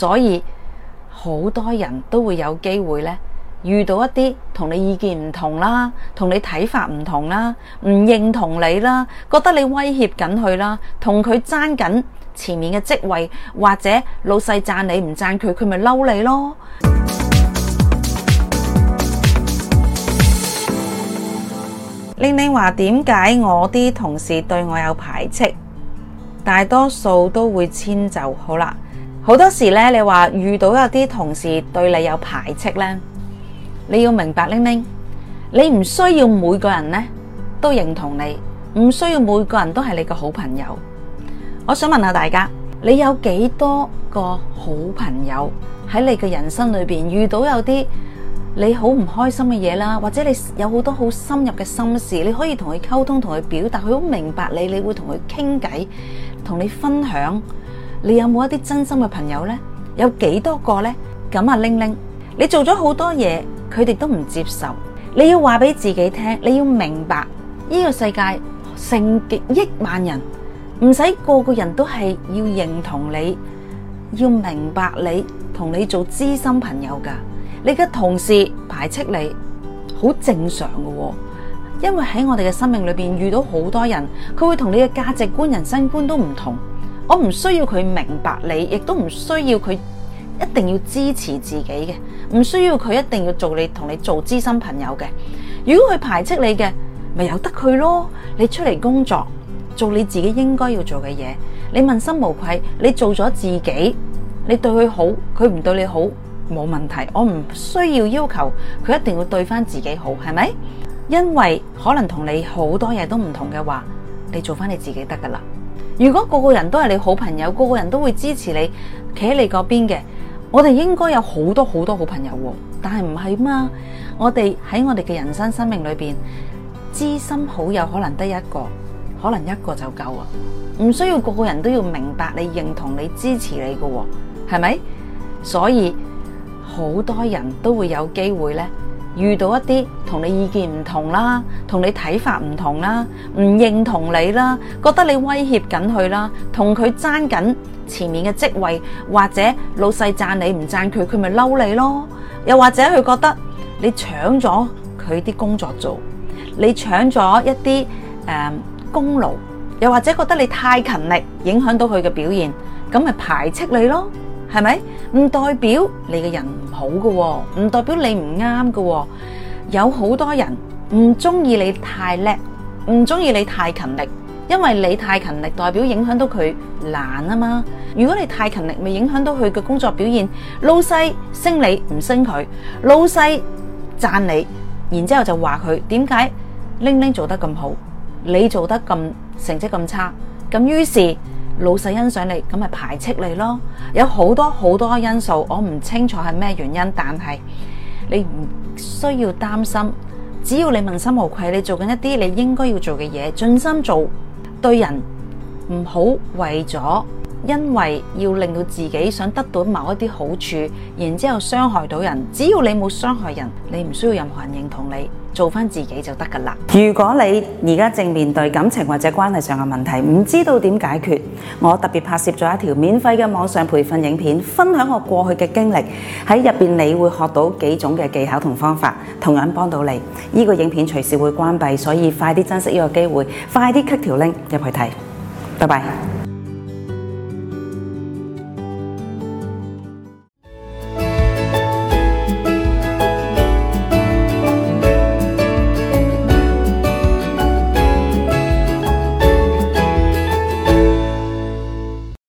所以好多人都會有機會咧，遇到一啲同你意見唔同啦，同你睇法唔同啦，唔認同你啦，覺得你威脅緊佢啦，同佢爭緊前面嘅職位，或者老細讚你唔讚佢，佢咪嬲你咯。玲玲話：點解我啲同事對我有排斥？大多數都會遷就好了，好啦。好多時咧，你話遇到有啲同事對你有排斥咧，你要明白，玲玲，你唔需要每個人咧都認同你，唔需要每個人都係你個好朋友。我想問下大家，你有幾多個好朋友喺你嘅人生裏邊？遇到有啲你好唔開心嘅嘢啦，或者你有好多好深入嘅心事，你可以同佢溝通，同佢表達，佢好明白你，你會同佢傾偈，同你分享。你有冇一啲真心嘅朋友呢？有幾多個呢？咁啊，玲玲，你做咗好多嘢，佢哋都唔接受。你要話俾自己聽，你要明白呢個世界成億萬人，唔使個個人都係要認同你，要明白你同你做知心朋友噶你嘅同事排斥你，好正常噶喎。因為喺我哋嘅生命裏邊遇到好多人，佢會同你嘅價值觀、人生觀都唔同。我唔需要佢明白你，亦都唔需要佢一定要支持自己嘅，唔需要佢一定要做你同你做知心朋友嘅。如果佢排斥你嘅，咪由得佢咯。你出嚟工作，做你自己應該要做嘅嘢，你問心無愧，你做咗自己，你對佢好，佢唔對你好，冇問題。我唔需要要求佢一定要對翻自己好，係咪？因為可能跟你同你好多嘢都唔同嘅話，你做翻你自己得噶啦。如果個個人都係你好朋友，個個人都會支持你，企喺你嗰邊嘅，我哋應該有好多好多好朋友喎。但係唔係嘛？我哋喺我哋嘅人生生命裏邊，知心好友可能得一個，可能一個就夠啊，唔需要個個人都要明白你認同你支持你㗎，係咪？所以好多人都會有機會呢，遇到一啲同你意見唔同啦，同你睇法唔同啦，唔認同你啦，覺得你威脅緊佢啦，同佢爭緊前面嘅職位，或者老細讚你唔讚佢，佢咪嬲你咯；又或者佢覺得你搶咗佢啲工作做，你搶咗一啲誒、呃、功勞，又或者覺得你太勤力，影響到佢嘅表現，咁咪排斥你咯。係咪唔代表你嘅人唔好嘅？唔代表你唔啱嘅？有好多人唔中意你太叻，唔中意你太勤力，因為你太勤力，代表影響到佢懶啊嘛。如果你太勤力，咪影響到佢嘅工作表現。老細升你唔升佢，老細讚你，然之後就話佢點解 ling ling 做得咁好，你做得咁成績咁差，咁於是。老細欣賞你，咁咪排斥你咯。有好多好多因素，我唔清楚係咩原因，但係你唔需要擔心。只要你問心無愧，你做緊一啲你應該要做嘅嘢，盡心做，對人唔好為咗。因為要令到自己想得到某一啲好處，然之後傷害到人。只要你冇傷害人，你唔需要任何人認同你，做翻自己就得噶啦。如果你而家正面對感情或者關係上嘅問題，唔知道點解決，我特別拍攝咗一條免費嘅網上培訓影片，分享我過去嘅經歷，喺入邊你會學到幾種嘅技巧同方法，同樣幫到你。呢個影片隨時會關閉，所以快啲珍惜呢個機會，快啲 click 條 link 入去睇。拜拜。